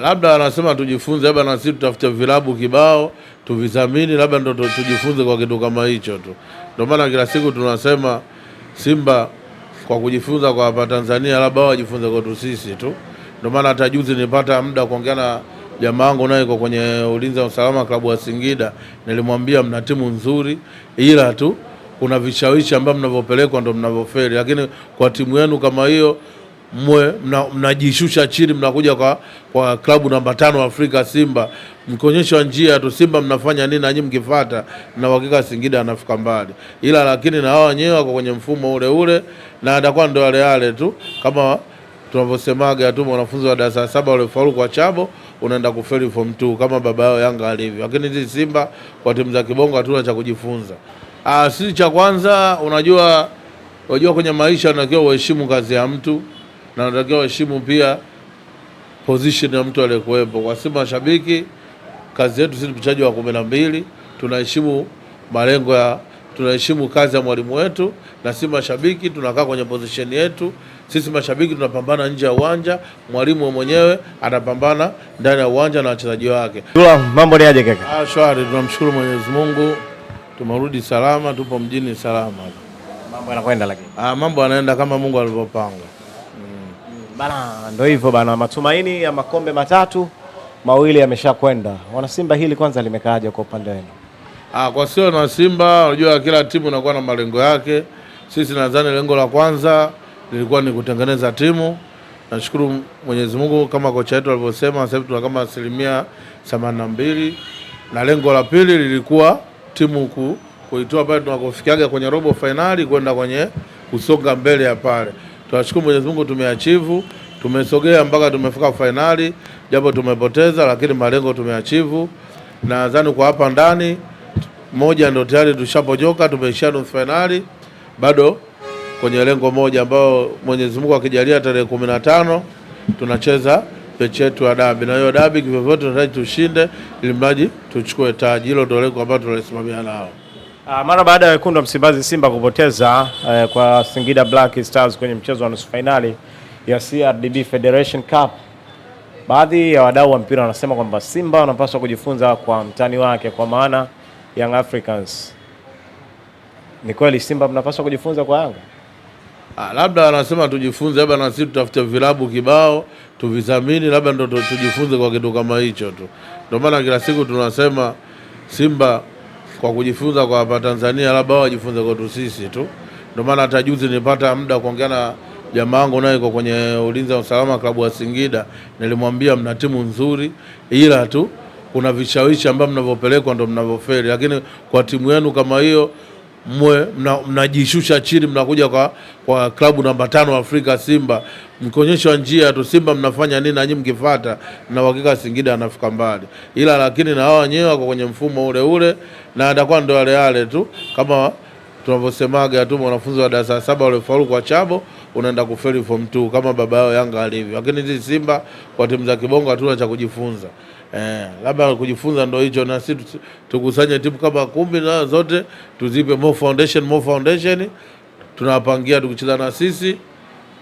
labda anasema tujifunze, labda na sisi tutafute vilabu kibao tuvidhamini, labda ndo tujifunze kwa kitu kama hicho tu. Ndio maana kila siku tunasema Simba kwa kujifunza kwa hapa Tanzania, labda wajifunze kwetu sisi tu. Ndio maana hata juzi nilipata muda kuongea na jamaa wangu naye kwa kwenye ulinzi wa usalama klabu ya Singida, nilimwambia mna timu nzuri, ila tu kuna vishawishi ambavyo mnavyopelekwa ndio mnavyofeli, lakini kwa timu yenu kama hiyo mwe mnajishusha mna chini, mnakuja kwa, kwa klabu namba tano Afrika Simba, mkionyeshwa njia tu Simba mnafanya nini, nanyi mkifuata, na uhakika Singida anafika mbali, ila lakini na wao wenyewe wako kwenye mfumo ule ule na atakuwa ndo wale wale tu kama tunavyosemaga tu mwanafunzi wa darasa saba uliofaulu kwa chabo unaenda kufeli form 2 kama baba yao Yanga alivyo. Lakini sisi Simba kwa timu za kibongo hatuna cha kujifunza. Ah, sisi cha kwanza, unajua unajua kwenye maisha unatakiwa uheshimu kazi ya mtu na natakiwa waheshimu pia position ya mtu aliyekuwepo. Kwa sisi mashabiki, kazi yetu sisi ni mchezaji wa kumi na mbili, tunaheshimu malengo ya tunaheshimu kazi ya mwalimu wetu, na sisi mashabiki tunakaa kwenye position yetu. Sisi mashabiki tunapambana nje ya uwanja, mwalimu mwenyewe anapambana ndani ya uwanja na wachezaji wake. Mambo ni aje kaka? Ah, shwari, tunamshukuru Mwenyezi Mungu, tumerudi salama, tupo mjini salama. Mambo yanakwenda lakini, ah, mambo yanaenda kama Mungu alivyopanga. Bana, ndo hivyo bana, matumaini ya makombe matatu mawili yameshakwenda. Wanasimba, hili kwanza limekaaje kwa upande wenu? Ah, kwa sio na Simba, unajua kila timu inakuwa na malengo yake. Sisi nadhani lengo la kwanza lilikuwa ni kutengeneza timu. Nashukuru Mwenyezi Mungu kama kocha wetu alivyosema, sasa tuna kama asilimia themanini na mbili, na lengo la pili lilikuwa timu ku, kuitoa pale tunakofikiaga kwenye robo fainali kwenda kwenye kusonga mbele ya pale Tunashukuru Mwenyezi Mungu tumeachivu, tumesogea mpaka tumefika fainali, japo tumepoteza, lakini malengo tumeachivu. Nadhani kwa hapa ndani moja ndio tayari tushapojoka, tumeishia nusu fainali, bado kwenye lengo moja ambayo Mwenyezi Mungu akijalia tarehe kumi na tano tunacheza mechi yetu ya dabi, na hiyo dabi kivyovyote tunataka tushinde, ili mradi tuchukue taji. Hilo ndio lengo ambalo tunalisimamia nao. Ah, mara baada ya wekundu wa Msimbazi Simba kupoteza uh, kwa Singida Black Stars kwenye mchezo wa nusu fainali ya CRDB Federation Cup, baadhi ya wadau wa mpira wanasema kwamba Simba wanapaswa kujifunza kwa mtani wake, kwa maana Young Africans. Ni kweli Simba mnapaswa kujifunza kwa Yanga? Ah, labda wanasema tujifunze, labda na sisi tutafute vilabu kibao tuvidhamini, labda ndo tujifunze kwa kitu kama hicho tu. Ndio maana kila siku tunasema Simba kwa kujifunza kwa Watanzania, labda wao wajifunze kwetu sisi tu. Ndio maana hata juzi nilipata muda kuongea na jamaa wangu naye kwa kwenye ulinzi wa usalama klabu ya Singida, nilimwambia mna timu nzuri, ila tu kuna vishawishi ambavyo mnavyopelekwa ndio mnavyofeli, lakini kwa timu yenu kama hiyo mwe mnajishusha mna chini, mnakuja kwa, kwa klabu namba tano Afrika Simba, mkionyeshwa njia tu Simba mnafanya nini, nanyi mkifuata na uhakika Singida anafika mbali, ila lakini na wao wenyewe wako kwenye mfumo ule ule na atakuwa ndo yale yale tu kama tunavyosemaga tu mwanafunzi wa darasa saba uliofaulu kwa chabo unaenda kufeli form 2 kama baba yao Yanga alivyo. Lakini hizi Simba kwa timu za kibongo hatuna cha kujifunza. Eh, labda kujifunza ndo hicho, na sisi tukusanye timu kama kumi na zote tuzipe more foundation, more foundation tunawapangia, tukicheza na sisi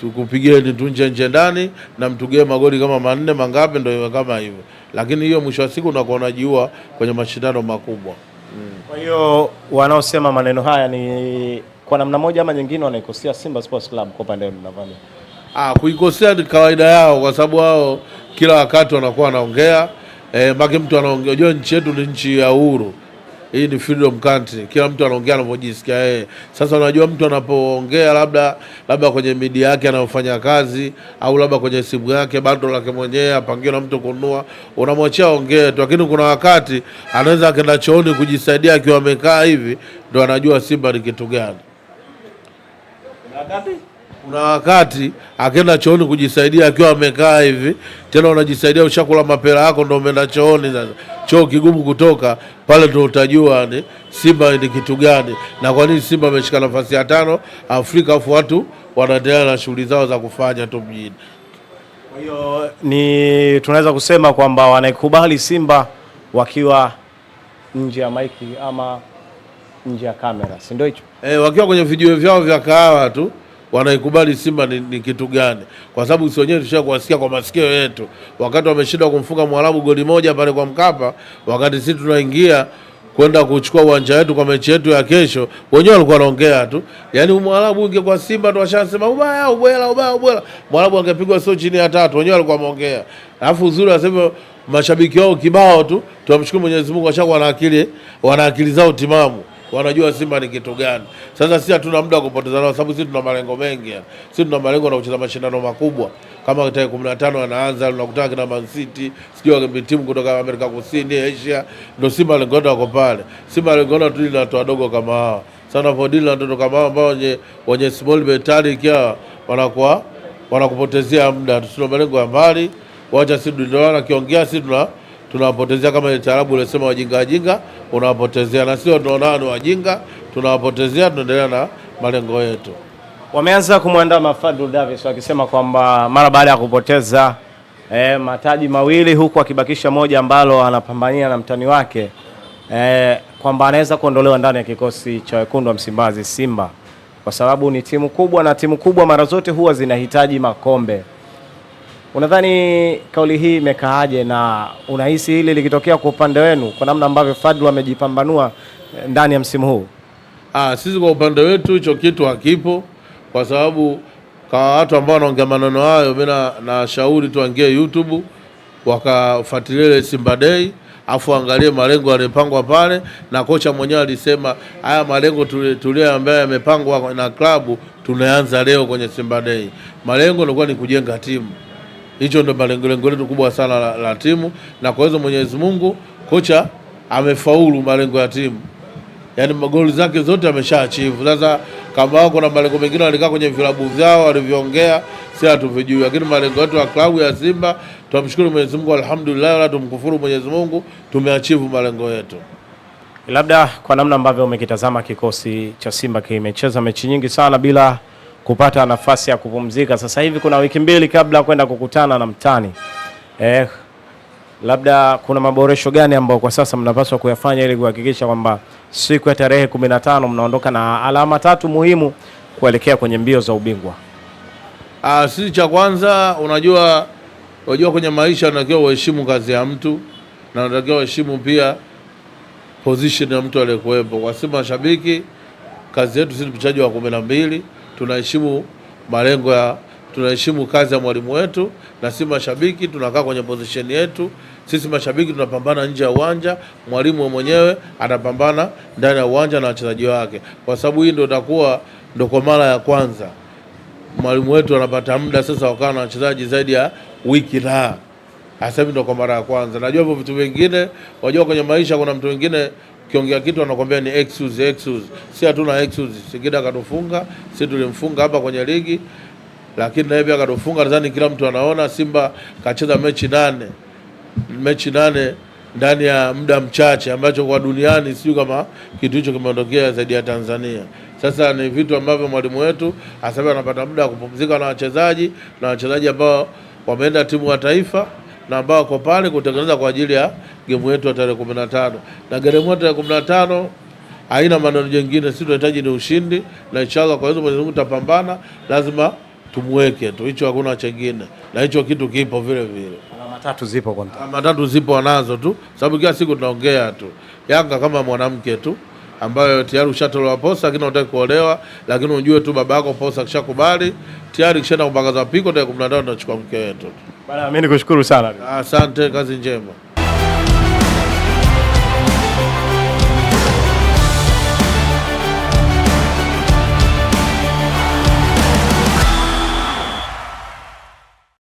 tukupigeni tu nje nje ndani na mtugee magoli kama manne mangapi, ndo iwe kama hivyo, lakini hiyo mwisho wa siku unakuwa unajiua kwenye mashindano makubwa. Mm. Kwa hiyo wanaosema maneno haya ni kwa namna moja ama nyingine wanaikosea Simba Sports Club kwa upande wenu nadhani. Ah, kuikosea ni kawaida yao, kwa sababu wao kila wakati wanakuwa wanaongea eh, maki mtu anaongea. Unajua nchi yetu ni nchi ya uhuru, hii ni freedom country, kila mtu anaongea anavyojisikia yeye. Sasa unajua mtu anapoongea labda labda kwenye media yake anayofanya kazi au labda kwenye simu yake bando lake mwenyewe apangiwe na mtu kununua, unamwachia ongee tu, lakini kuna wakati anaweza akenda chooni kujisaidia akiwa amekaa hivi, ndo anajua Simba ni kitu gani. Kuna wakati akenda chooni kujisaidia akiwa amekaa hivi, tena unajisaidia ushakula mapera yako, ndio umeenda chooni. Sasa choo kigumu kutoka pale, ndio utajua ni Simba ni kitu gani na kwa nini Simba ameshika nafasi ya tano Afrika, afu watu wanaendelea na shughuli zao za kufanya tu mjini. Kwa hiyo ni tunaweza kusema kwamba wanaikubali Simba wakiwa nje ya maiki ama nje ya kamera, si ndio hicho? Eh, wakiwa kwenye video vyao vya kahawa tu wanaikubali Simba ni, ni kitu gani, kwa sababu si wenyewe tusha kuwasikia kwa masikio yetu wakati wameshindwa kumfunga Mwarabu goli moja pale kwa Mkapa, wakati sisi tunaingia kwenda kuchukua uwanja wetu kwa mechi yetu ya kesho, wenyewe walikuwa wanaongea tu, yaani Mwarabu ingekuwa Simba tu washasema ubaya ubwela ubaya ubwela, Mwarabu angepigwa sio chini ya tatu, wenyewe walikuwa wameongea. Alafu uzuri wasema mashabiki wao kibao tu, tunamshukuru Mwenyezi Mungu, washakuwa wana akili, wana akili zao timamu wanajua Simba ni kitu gani. Sasa sisi hatuna muda wa kupoteza nao, sababu sisi tuna malengo mengi, sisi tuna malengo na kucheza mashindano makubwa kama tarehe 15 anaanza, unakutana kina Man City, sijui timu kutoka Amerika Kusini, Asia. Ndio Simba lengo wako pale. Simba lengo tu ni watu wadogo kama hawa sana vodili na watoto kama hao ambao wenye wenye small betali kia wanakuwa wanakupotezea muda. Tusio malengo ya mbali, wacha sisi ndio kiongea sisi tuna tunawapotezea, kama taarabu ulisema wajinga wajinga unawapotezea, na sio tunaonao ni wajinga, tunawapotezea. Tunaendelea na malengo yetu. Wameanza kumwandama Fadlu Davis wakisema kwamba mara baada ya kupoteza e, mataji mawili huku akibakisha moja ambalo anapambania na mtani wake e, kwamba anaweza kuondolewa ndani ya kikosi cha wekundu wa Msimbazi Simba, kwa sababu ni timu kubwa na timu kubwa mara zote huwa zinahitaji makombe. Unadhani kauli hii imekaaje na unahisi hili likitokea kwa upande wenu kwa namna ambavyo Fadlu amejipambanua eh, ndani ya msimu huu? Ah, sisi kwa upande wetu hicho kitu hakipo, kwa sababu kwa watu ambao wanaongea maneno hayo, mimi nashauri tu waingie YouTube wakafuatilia Simba Day afu angalie malengo yaliyopangwa pale, na kocha mwenyewe alisema haya malengo tulio ambayo yamepangwa na klabu tunaanza leo kwenye Simba Day. Malengo yalikuwa ni kujenga timu Hicho ndio malengo lengo letu kubwa sana la, la timu, na kwa hizo Mwenyezi Mungu kocha amefaulu malengo ya timu, yaani magoli zake zote amesha achivu Sasa kama wao kuna malengo mengine walikaa kwenye vilabu vyao walivyoongea, si hatuvijui, lakini malengo yetu ya klabu ya Simba tumshukuru Mwenyezi Mungu, alhamdulillah, wala tumkufuru Mwenyezi Mungu, tumeachieve malengo yetu. Labda kwa namna ambavyo umekitazama kikosi cha Simba kimecheza mechi nyingi sana bila kupata nafasi ya kupumzika. Sasa hivi kuna wiki mbili kabla kwenda kukutana na mtani eh, labda kuna maboresho gani ambayo kwa sasa mnapaswa kuyafanya ili kuhakikisha kwamba siku ya tarehe 15 mnaondoka na alama tatu muhimu kuelekea kwenye mbio za ubingwa? Ah, sisi cha kwanza, unajua unajua kwenye maisha unatakiwa uheshimu kazi ya mtu na unatakiwa uheshimu pia position ya mtu aliyekuwepo. Kwa sisi mashabiki, kazi yetu sisi mchezaji wa kumi na mbili tunaheshimu malengo ya tunaheshimu kazi ya mwalimu wetu, na si mashabiki tunakaa kwenye position yetu. Sisi mashabiki tunapambana nje ya uwanja, mwalimu mwenyewe anapambana ndani ya uwanja na wachezaji wake, kwa sababu hii ndio itakuwa ndio kwa mara ya kwanza mwalimu wetu anapata muda sasa wakaa na wachezaji zaidi ya wiki la asemi, hivi, ndio kwa mara ya kwanza. Najua hivyo vitu vingine, wajua kwenye maisha kuna mtu mwingine kiongea kitu anakwambia ni excuse, excuse. Si hatuna excuse. Singida katufunga, si tulimfunga hapa kwenye ligi, lakini naye pia katufunga. Nadhani kila mtu anaona Simba kacheza mechi nane, mechi nane ndani ya muda mchache, ambacho kwa duniani sio kama kitu hicho kimeondokea zaidi ya Tanzania. Sasa ni vitu ambavyo mwalimu wetu asabe anapata muda wa kupumzika na wachezaji na wachezaji ambao wameenda timu ya wa taifa na ambao wako pale kutengeneza kwa ajili ya gemu yetu ya tarehe 15. Na gemu yetu ya 15 haina maneno jengine, sisi tunahitaji ni ushindi, na inshallah kwa hizo Mwenyezi Mungu tutapambana, lazima tumweke tu, hicho hakuna chengine, na hicho kitu kipo vile vile. Alama tatu zipo kwa mtaa, alama tatu zipo wanazo tu, sababu kila siku tunaongea tu Yanga kama mwanamke tu ambayo tayari ushatolewa posa lakini unataka kuolewa, lakini unjue tu baba yako posa kishakubali tayari, kishaenda kupangaza piko tarehe 15 tunachukua mke wetu. Bana, mimi nikushukuru sana. Asante, kazi njema.